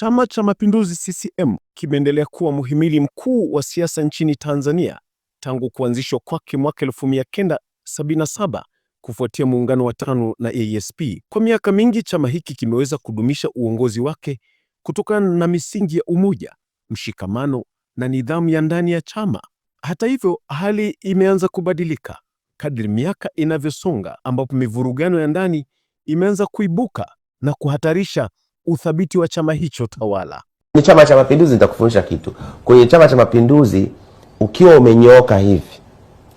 Chama cha Mapinduzi CCM kimeendelea kuwa muhimili mkuu wa siasa nchini Tanzania tangu kuanzishwa kwake mwaka 1977 kufuatia muungano wa tano na ASP. Kwa miaka mingi, chama hiki kimeweza kudumisha uongozi wake kutokana na misingi ya umoja, mshikamano na nidhamu ya ndani ya chama. Hata hivyo, hali imeanza kubadilika kadri miaka inavyosonga, ambapo mivurugano ya ndani imeanza kuibuka na kuhatarisha uthabiti wa chama hicho tawala. Ni Chama cha Mapinduzi. Nitakufundisha kitu kwenye Chama cha Mapinduzi, ukiwa umenyooka hivi,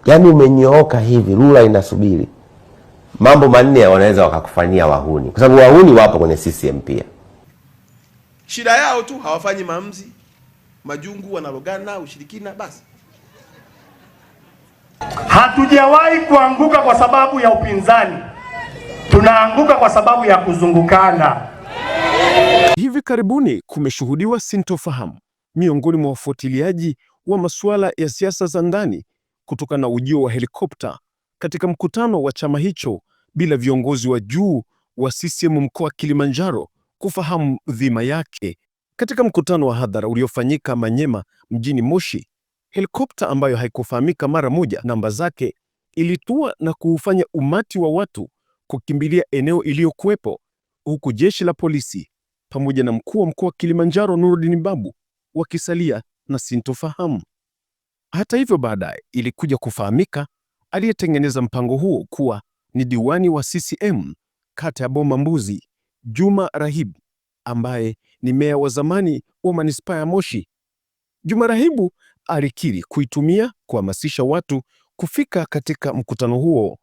yani umenyooka hivi, rula inasubiri mambo manne wanaweza wakakufanyia wahuni, kwa sababu wahuni wapo kwenye CCM pia. Shida yao tu hawafanyi maamuzi, majungu, wanarogana, ushirikina. Basi hatujawahi kuanguka kwa sababu ya upinzani, tunaanguka kwa sababu ya kuzungukana. Hivi karibuni kumeshuhudiwa sintofahamu miongoni mwa wafuatiliaji wa masuala ya siasa za ndani kutokana na ujio wa helikopta katika mkutano wa chama hicho bila viongozi wa juu wa CCM mkoa wa Kilimanjaro kufahamu dhima yake. Katika mkutano wa hadhara uliofanyika Manyema mjini Moshi, helikopta ambayo haikufahamika mara moja namba zake ilitua na kuufanya umati wa watu kukimbilia eneo iliyokuwepo, huku jeshi la polisi pamoja na mkuu wa mkoa wa Kilimanjaro Nurdin Babu wakisalia na sintofahamu. Hata hivyo, baadaye ilikuja kufahamika aliyetengeneza mpango huo kuwa ni diwani wa CCM kata ya Boma Mbuzi, Juma Rahibu ambaye ni meya wa zamani wa manispaa ya Moshi. Juma Rahibu alikiri kuitumia kuhamasisha watu kufika katika mkutano huo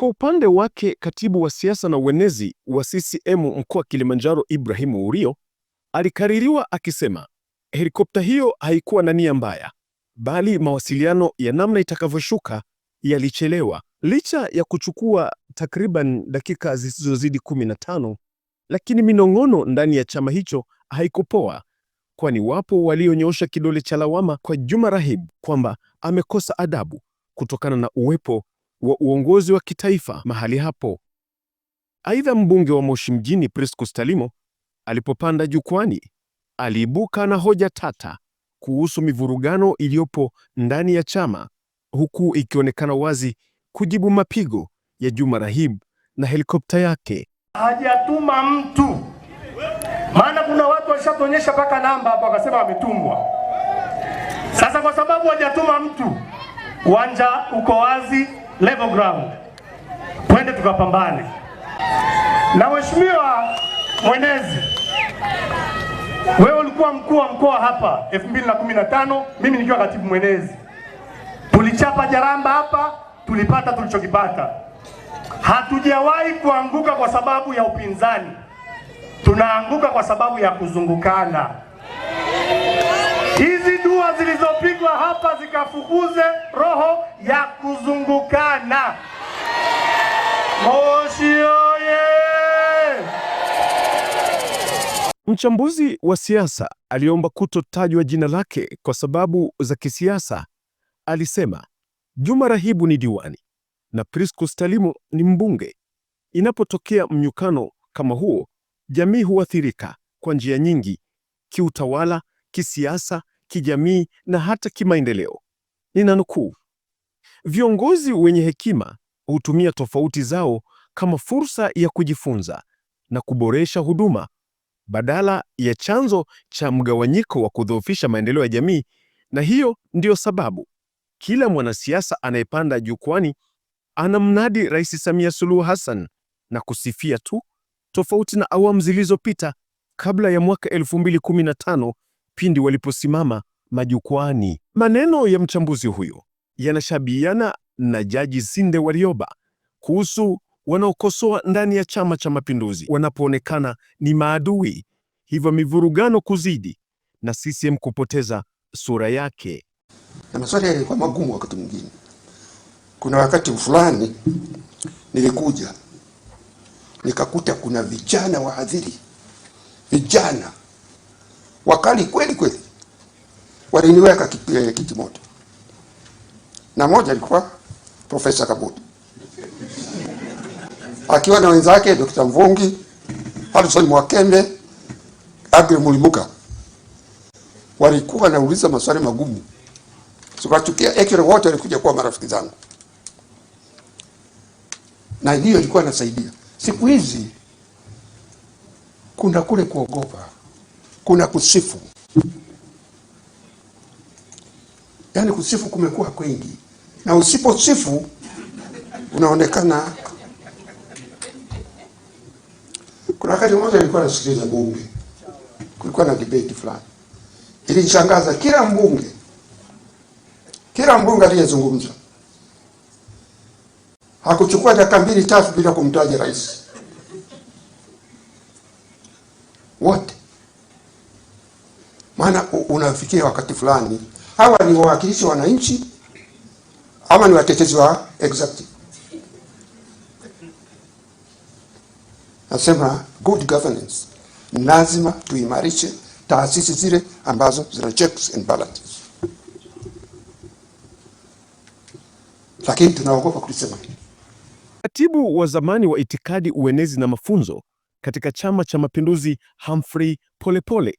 kwa upande wake, katibu wa siasa na uenezi wa CCM mkoa wa Kilimanjaro ibrahimu Urio alikaririwa akisema helikopta hiyo haikuwa na nia mbaya, bali mawasiliano ya namna itakavyoshuka yalichelewa, licha ya kuchukua takriban dakika zisizozidi 15. Lakini minong'ono ndani ya chama hicho haikupoa, kwani wapo walionyosha kidole cha lawama kwa Juma Rahib kwamba amekosa adabu kutokana na uwepo wa uongozi wa kitaifa mahali hapo. Aidha, mbunge wa Moshi mjini Priscus Tarimo alipopanda jukwani, aliibuka na hoja tata kuhusu mivurugano iliyopo ndani ya chama, huku ikionekana wazi kujibu mapigo ya Juma Rahib na helikopta yake. Hajatuma mtu, maana kuna watu walishatonyesha mpaka namba hapo, akasema ametumwa. Sasa kwa sababu hajatuma mtu, uwanja uko wazi level ground, twende tukapambane. Na mheshimiwa mwenezi, wewe ulikuwa mkuu wa mkoa hapa 2015 mimi nikiwa katibu mwenezi, tulichapa jaramba hapa, tulipata tulichokipata. Hatujawahi kuanguka kwa sababu ya upinzani, tunaanguka kwa sababu ya kuzungukana hizi zilizopigwa hapa zikafukuze roho ya kuzungukana. Moshi oye! Mchambuzi wa siasa aliomba kutotajwa jina lake kwa sababu za kisiasa. Alisema Juma Rahibu ni diwani na Priscus Talimu ni mbunge. Inapotokea mnyukano kama huo, jamii huathirika kwa njia nyingi: kiutawala, kisiasa kijamii na hata kimaendeleo. Ninanukuu, viongozi wenye hekima hutumia tofauti zao kama fursa ya kujifunza na kuboresha huduma badala ya chanzo cha mgawanyiko wa kudhoofisha maendeleo ya jamii. Na hiyo ndiyo sababu kila mwanasiasa anayepanda jukwani anamnadi Rais Samia Suluhu Hassan na kusifia tu, tofauti na awamu zilizopita kabla ya mwaka 2015 pindi waliposimama majukwani. Maneno ya mchambuzi huyo yanashabiana na Jaji Sinde Warioba kuhusu wanaokosoa ndani ya Chama cha Mapinduzi wanapoonekana ni maadui, hivyo mivurugano kuzidi na CCM kupoteza sura yake. Na maswali yalikuwa magumu wakati mwingine. Kuna wakati fulani nilikuja nikakuta kuna vijana wahadhiri, vijana wakali kweli kweli, waliniweka eh, kiti na moja alikuwa Profesa Kabudi akiwa na wenzake Dr. Mvungi, Harrison mwakende Agre Mulimuka. Walikuwa nauliza maswali magumu, sukachukia ekre wote walikuja kuwa marafiki zangu, na hiyo ilikuwa nasaidia. Siku hizi kuna kule kuogopa kuna kusifu, yaani kusifu kumekuwa kwingi, na usiposifu unaonekana. Kuna wakati mmoja nilikuwa nasikiliza bunge, kulikuwa na debate fulani, ilishangaza kila mbunge, kila mbunge aliyezungumza hakuchukua dakika mbili tatu bila kumtaja rais wote maana unafikia wakati fulani, hawa ni wawakilishi wa wananchi ama ni watetezi wa executive. Nasema good governance, lazima tuimarishe taasisi zile ambazo zina checks and balances, lakini tunaogopa kulisema. Katibu wa zamani wa itikadi, uenezi na mafunzo katika Chama cha Mapinduzi Humphrey Polepole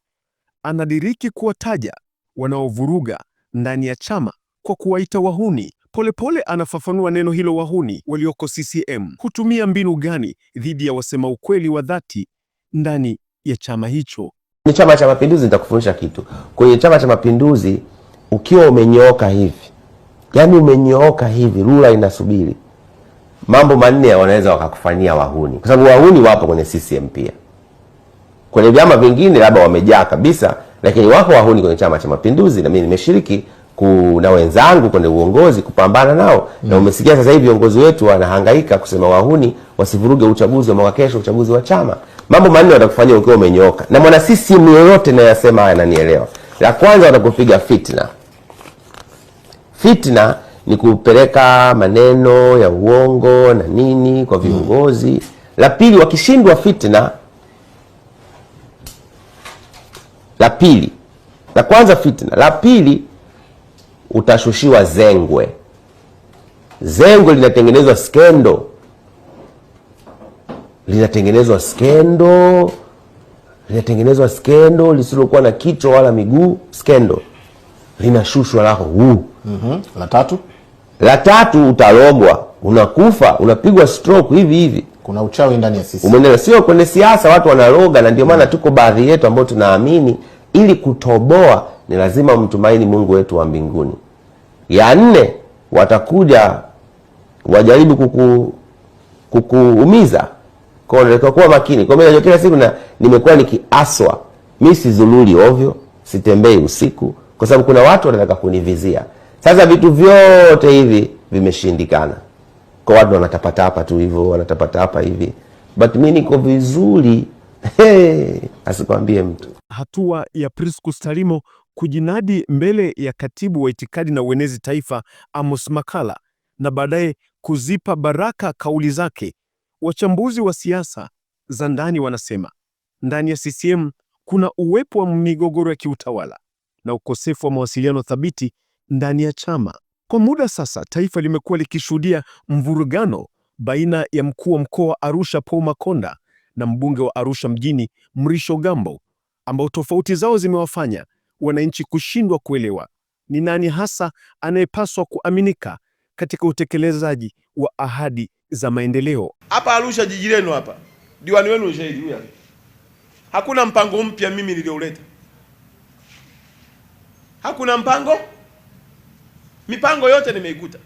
anadiriki kuwataja wanaovuruga ndani ya chama kwa kuwaita wahuni. Polepole pole anafafanua neno hilo wahuni. Walioko CCM hutumia mbinu gani dhidi ya wasema ukweli wa dhati ndani ya chama hicho? Ni Chama cha Mapinduzi. Nitakufundisha kitu kwenye Chama cha Mapinduzi. Ukiwa umenyooka hivi, yani umenyooka hivi, rula inasubiri mambo manne, wanaweza wakakufanyia wahuni, kwa sababu wahuni wapo kwenye CCM pia. Kwenye vyama vingine labda wamejaa kabisa, lakini wapo wahuni kwenye Chama cha Mapinduzi, na mimi nimeshiriki kuna wenzangu kwenye uongozi kupambana nao mm. Na umesikia sasa hivi viongozi wetu wanahangaika kusema wahuni wasivuruge uchaguzi wa mwaka kesho, uchaguzi wa chama. Mambo manne watakufanyia ukiwa umenyooka, na mwana CCM yoyote nayasema haya nanielewa. La kwanza watakupiga fitna. Fitna ni kupeleka maneno ya uongo na nini kwa viongozi mm. La pili, wakishindwa fitna La pili, la kwanza fitna, la pili utashushiwa zengwe. Zengwe linatengenezwa skendo, linatengenezwa skendo, linatengenezwa skendo lisilokuwa na kichwa wala miguu, skendo linashushwa lako huu. mm -hmm. La tatu, la tatu utalogwa, unakufa, unapigwa stroke hivi hivi kuna uchawi ndani ya sisi. Umeelewa? Sio kwenye siasa watu wanaroga, na ndio maana mm. tuko baadhi yetu ambao tunaamini ili kutoboa ni lazima mtumaini Mungu wetu wa mbinguni. Ya nne, watakuja wajaribu kuku kukuumiza kwa unatakiwa kuwa makini. Kwa mimi kila siku na nimekuwa nikiaswa, mimi sizululi ovyo, sitembei usiku kwa sababu kuna watu wanataka kunivizia. Sasa vitu vyote hivi vimeshindikana kwa watu wanatapata hapa tu hivyo, wanatapata hapa hivi, but mimi niko vizuri hey, asikwambie mtu. Hatua ya Priscus Tarimo kujinadi mbele ya katibu wa itikadi na uenezi taifa Amos makala na baadaye kuzipa baraka kauli zake. Wachambuzi wa siasa za ndani wanasema ndani ya CCM kuna uwepo wa migogoro ya kiutawala na ukosefu wa mawasiliano thabiti ndani ya chama. Kwa muda sasa, taifa limekuwa likishuhudia mvurugano baina ya mkuu wa mkoa wa Arusha Paul Makonda na mbunge wa Arusha mjini Mrisho Gambo, ambao tofauti zao zimewafanya wananchi kushindwa kuelewa ni nani hasa anayepaswa kuaminika katika utekelezaji wa ahadi za maendeleo. Hapa Arusha jiji lenu hapa, diwani wenu shahidi huyu, hakuna mpango mpya mimi nilioleta, hakuna mpango mipango yote nimeikuta.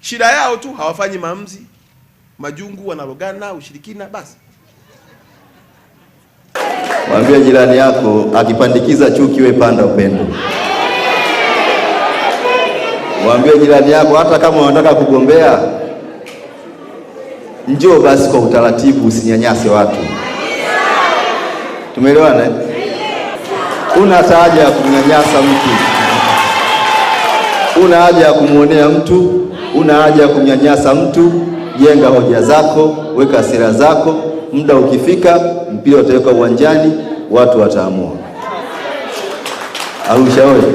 Shida yao tu hawafanyi maamuzi, majungu wanalogana, ushirikina. Basi mwambie jirani yako akipandikiza chuki, we panda upendo. Mwambie jirani yako hata kama unataka kugombea, njoo basi kwa utaratibu, usinyanyase watu. Tumeelewana? Eh? Una haja ya kunyanyasa mtu. Una haja ya kumwonea mtu, una haja ya kumnyanyasa mtu. Jenga hoja zako, weka hasira zako. Muda ukifika, mpira utaweka uwanjani, watu wataamua. Arusha oye!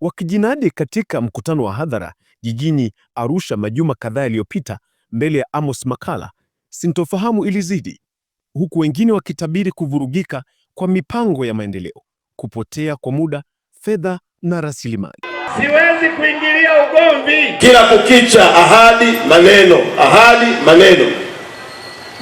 Wakijinadi katika mkutano wa hadhara jijini Arusha majuma kadhaa yaliyopita, mbele ya Amos makala sintofahamu ilizidi, huku wengine wakitabiri kuvurugika kwa mipango ya maendeleo, kupotea kwa muda, fedha na rasilimali siwezi kuingilia ugomvi. Kila kukicha ahadi maneno, ahadi maneno.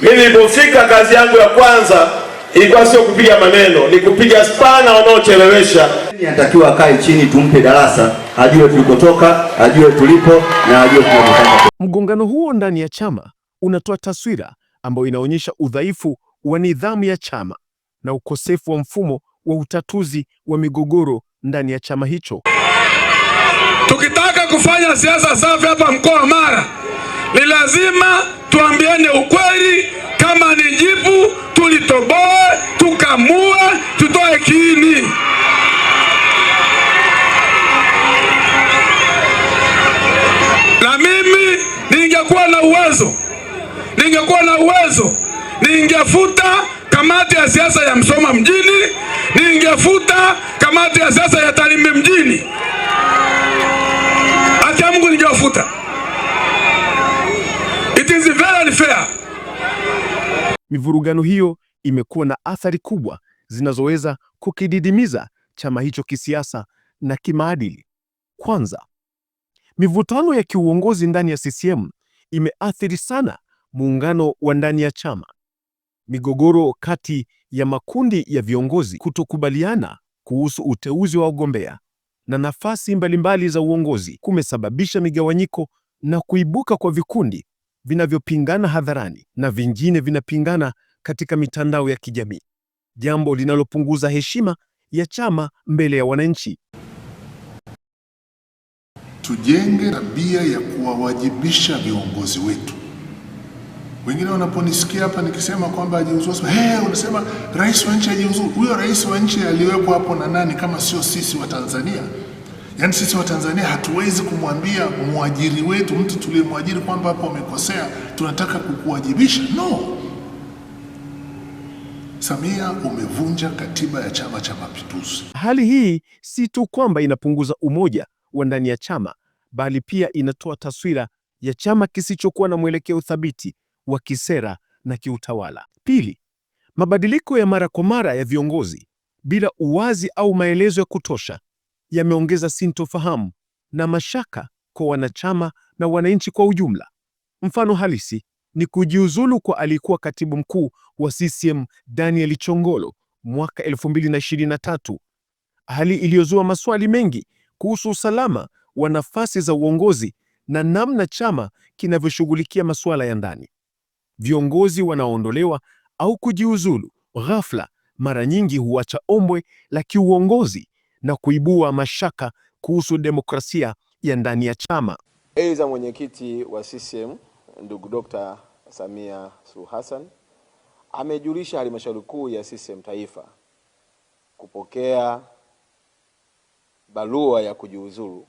Mimi nilipofika kazi yangu ya kwanza ilikuwa sio kupiga maneno, ni kupiga spana wanaochelewesha. Anatakiwa akae chini, tumpe darasa, ajue tulikotoka, ajue tulipo na ajue tunataka. Mgongano huo ndani ya chama unatoa taswira ambayo inaonyesha udhaifu wa nidhamu ya chama na ukosefu wa mfumo wa utatuzi wa migogoro ndani ya chama hicho. Tukitaka kufanya siasa safi hapa mkoa wa Mara, ni lazima tuambiane ukweli. Kama ni jipu, tulitoboe, tukamue, tutoe kiini. Na mimi ningekuwa na uwezo, ningekuwa na uwezo, ningefuta kamati ya siasa ya Msoma mjini, ningefuta kamati ya siasa ya Tarime mjini mafuta. It is very unfair. Mivurugano hiyo imekuwa na athari kubwa zinazoweza kukididimiza chama hicho kisiasa na kimaadili. Kwanza, mivutano ya kiuongozi ndani ya CCM imeathiri sana muungano wa ndani ya chama. Migogoro kati ya makundi ya viongozi, kutokubaliana kuhusu uteuzi wa wagombea, na nafasi mbalimbali za uongozi kumesababisha migawanyiko na kuibuka kwa vikundi vinavyopingana hadharani na vingine vinapingana katika mitandao ya kijamii, jambo linalopunguza heshima ya chama mbele ya wananchi. Tujenge tabia ya kuwawajibisha viongozi wetu. Wengine wanaponisikia hapa nikisema kwamba ajiuzuru, hey, unasema rais wa nchi ajiuzuru. Huyo rais wa nchi aliwepo hapo na nani kama sio sisi wa Tanzania? Yaani sisi wa Tanzania hatuwezi kumwambia mwajiri wetu, mtu tuliyemwajiri kwamba hapo amekosea, tunataka kukuwajibisha. No, Samia umevunja katiba ya Chama cha Mapinduzi. Hali hii si tu kwamba inapunguza umoja wa ndani ya chama, bali pia inatoa taswira ya chama kisichokuwa na mwelekeo thabiti wa kisera na kiutawala. Pili, mabadiliko ya mara kwa mara ya viongozi bila uwazi au maelezo ya kutosha yameongeza sintofahamu na mashaka kwa wanachama na wananchi kwa ujumla. Mfano halisi ni kujiuzulu kwa aliyekuwa katibu mkuu wa CCM Daniel Chongolo mwaka 2023, hali iliyozua maswali mengi kuhusu usalama wa nafasi za uongozi na namna chama kinavyoshughulikia masuala ya ndani. Viongozi wanaoondolewa au kujiuzulu ghafla mara nyingi huacha ombwe la kiuongozi na kuibua mashaka kuhusu demokrasia ya ndani ya chama. Aidha, mwenyekiti wa CCM ndugu Dr. Samia Suluhu Hassan amejulisha halmashauri kuu ya CCM taifa kupokea barua ya kujiuzulu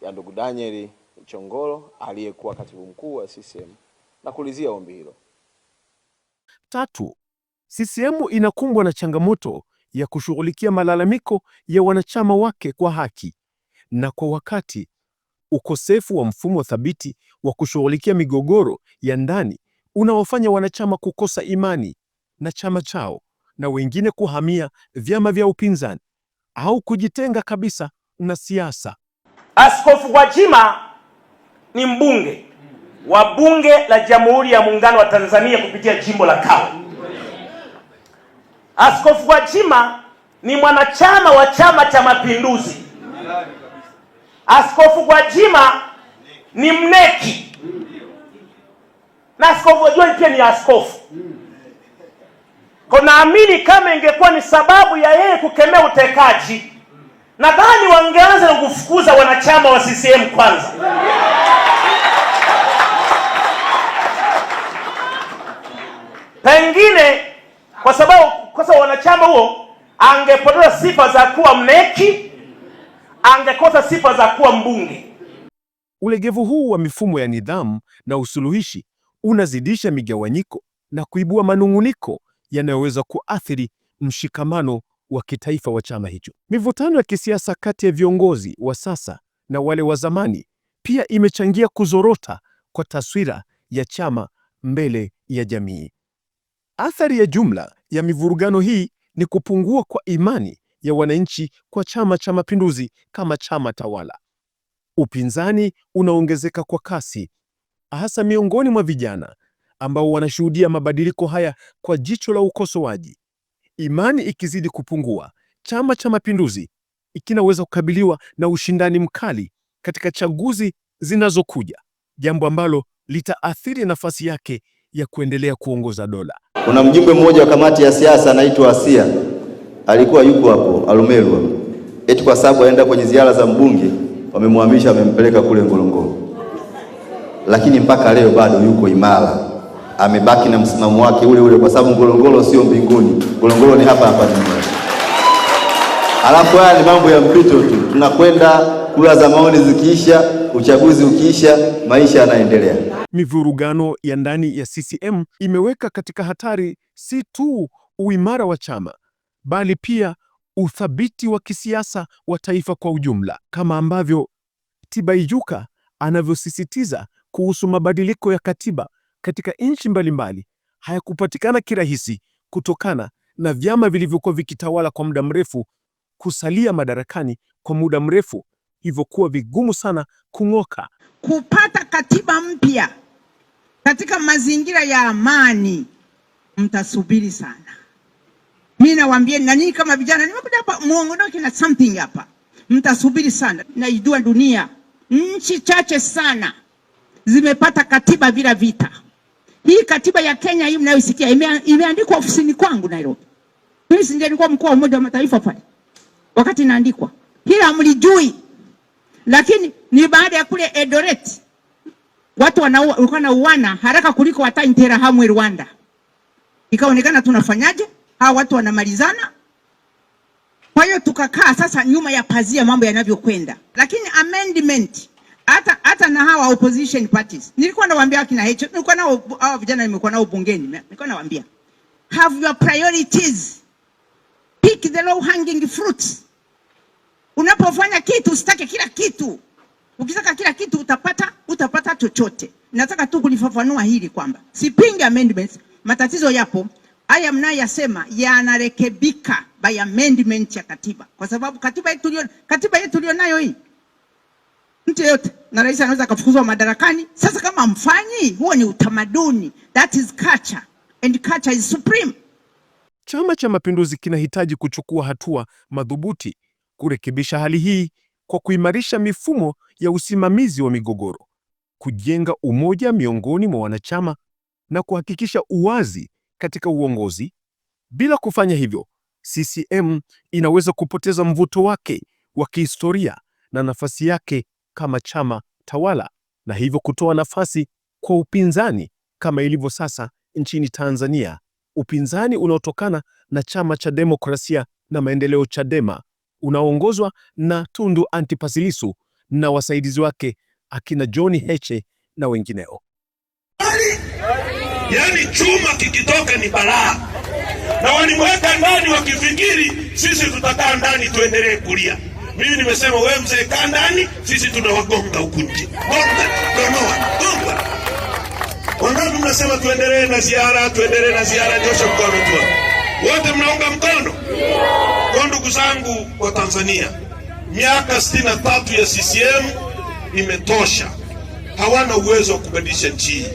ya ndugu Daniel Chongolo aliyekuwa katibu mkuu wa CCM na kulizia ombi hilo. Tatu, CCM inakumbwa na changamoto ya kushughulikia malalamiko ya wanachama wake kwa haki na kwa wakati, ukosefu wa mfumo thabiti wa kushughulikia migogoro ya ndani unaofanya wanachama kukosa imani na chama chao na wengine kuhamia vyama vya upinzani au kujitenga kabisa na siasa. Askofu Gwajima ni mbunge wa Bunge la Jamhuri ya Muungano wa Tanzania kupitia jimbo la Kawe. Askofu Gwajima ni mwanachama wa Chama cha Mapinduzi. Askofu Gwajima ni mneki na askofu wajua pia ni askofu. Naamini kama ingekuwa ni sababu ya yeye kukemea utekaji, nadhani wangeanza kufukuza wanachama wa CCM kwanza. Wengine kwa sababu kwa sababu wanachama huo, angepoteza sifa za kuwa mneki, angekosa sifa za kuwa mbunge. Ulegevu huu wa mifumo ya nidhamu na usuluhishi unazidisha migawanyiko na kuibua manunguniko yanayoweza kuathiri mshikamano wa kitaifa wa chama hicho. Mivutano ya kisiasa kati ya viongozi wa sasa na wale wa zamani pia imechangia kuzorota kwa taswira ya chama mbele ya jamii. Athari ya jumla ya mivurugano hii ni kupungua kwa imani ya wananchi kwa Chama cha Mapinduzi kama chama tawala. Upinzani unaongezeka kwa kasi, hasa miongoni mwa vijana ambao wanashuhudia mabadiliko haya kwa jicho la ukosoaji. Imani ikizidi kupungua, Chama cha Mapinduzi kinaweza kukabiliwa na ushindani mkali katika chaguzi zinazokuja, jambo ambalo litaathiri nafasi yake ya kuendelea kuongoza dola. Kuna mjumbe mmoja wa kamati ya siasa anaitwa Asia, alikuwa yuko hapo Arumelwa, eti kwa sababu aenda kwenye ziara za mbunge wamemhamisha, wamempeleka kule Ngorongoro, lakini mpaka leo bado yuko imara, amebaki na msimamo wake ule ule, kwa sababu Ngorongoro sio mbinguni, Ngorongoro ni hapa hapa duniani. Alafu haya ni mambo ya mpito tu, tunakwenda kura za maoni zikiisha, uchaguzi ukiisha, maisha yanaendelea. Mivurugano ya ndani ya CCM imeweka katika hatari si tu uimara wa chama bali pia uthabiti wa kisiasa wa taifa kwa ujumla, kama ambavyo Tibaijuka anavyosisitiza kuhusu mabadiliko ya katiba katika nchi mbalimbali hayakupatikana kirahisi kutokana na vyama vilivyokuwa vikitawala kwa muda mrefu kusalia madarakani kwa muda mrefu hivyokuwa vigumu sana kung'oka. Kupata katiba mpya katika mazingira ya amani, mtasubiri sana. Mi nawaambia na nyinyi kama vijana, nimekuja hapa muongodoke na something hapa, mtasubiri sana. Naijua dunia, nchi chache sana zimepata katiba bila vita. Hii katiba ya Kenya hii mnayoisikia imeandikwa ofisini kwangu Nairobi. Mimi si ndio nilikuwa mkuu wa Umoja wa Mataifa pale wakati inaandikwa, hila mlijui lakini ni baada ya kule Eldoret watu walikuwa uana haraka kuliko hata Interahamwe Rwanda. Ikaonekana tunafanyaje, hawa watu wanamalizana. Kwa hiyo tukakaa sasa nyuma ya pazia mambo yanavyokwenda, lakini amendment hata hata na hawa opposition parties nilikuwa nawaambia kina H, nilikuwa nao hawa vijana, nimekuwa nao bungeni, nilikuwa nawaambia have your priorities, pick the low hanging fruits. Unapofanya kitu usitake kila kitu. Ukitaka kila kitu utapata, utapata chochote. Nataka tu kulifafanua hili kwamba sipingi amendments, matatizo yapo. Haya mnayasema yanarekebika by amendment ya katiba, kwa sababu katiba yetu tulio katiba yetu tulio nayo hii, mtu yeyote na rais anaweza kufukuzwa madarakani. Sasa kama mfanyi, huo ni utamaduni, that is culture and culture is supreme. Chama cha Mapinduzi kinahitaji kuchukua hatua madhubuti kurekebisha hali hii kwa kuimarisha mifumo ya usimamizi wa migogoro, kujenga umoja miongoni mwa wanachama na kuhakikisha uwazi katika uongozi. Bila kufanya hivyo, CCM inaweza kupoteza mvuto wake wa kihistoria na nafasi yake kama chama tawala na hivyo kutoa nafasi kwa upinzani kama ilivyo sasa nchini Tanzania, upinzani unaotokana na chama cha demokrasia na maendeleo Chadema unaoongozwa na Tundu Antipas Lissu na wasaidizi wake akina John Heche na wengineo. Yaani, yaani chuma kikitoka ni balaa, na walimweka ndani wakifikiri sisi tutakaa ndani tuendelee kulia. Mimi nimesema wewe mzee, kaa ndani, sisi tunawagonga huku nje. Wangapi mnasema tuendelee na ziara, tuendelee na ziara? Nyosha mkono tu, wote mnaunga mkono. Kwa ndugu zangu wa Tanzania, miaka sitini na tatu ya CCM imetosha. Hawana uwezo wa kubadilisha nchi.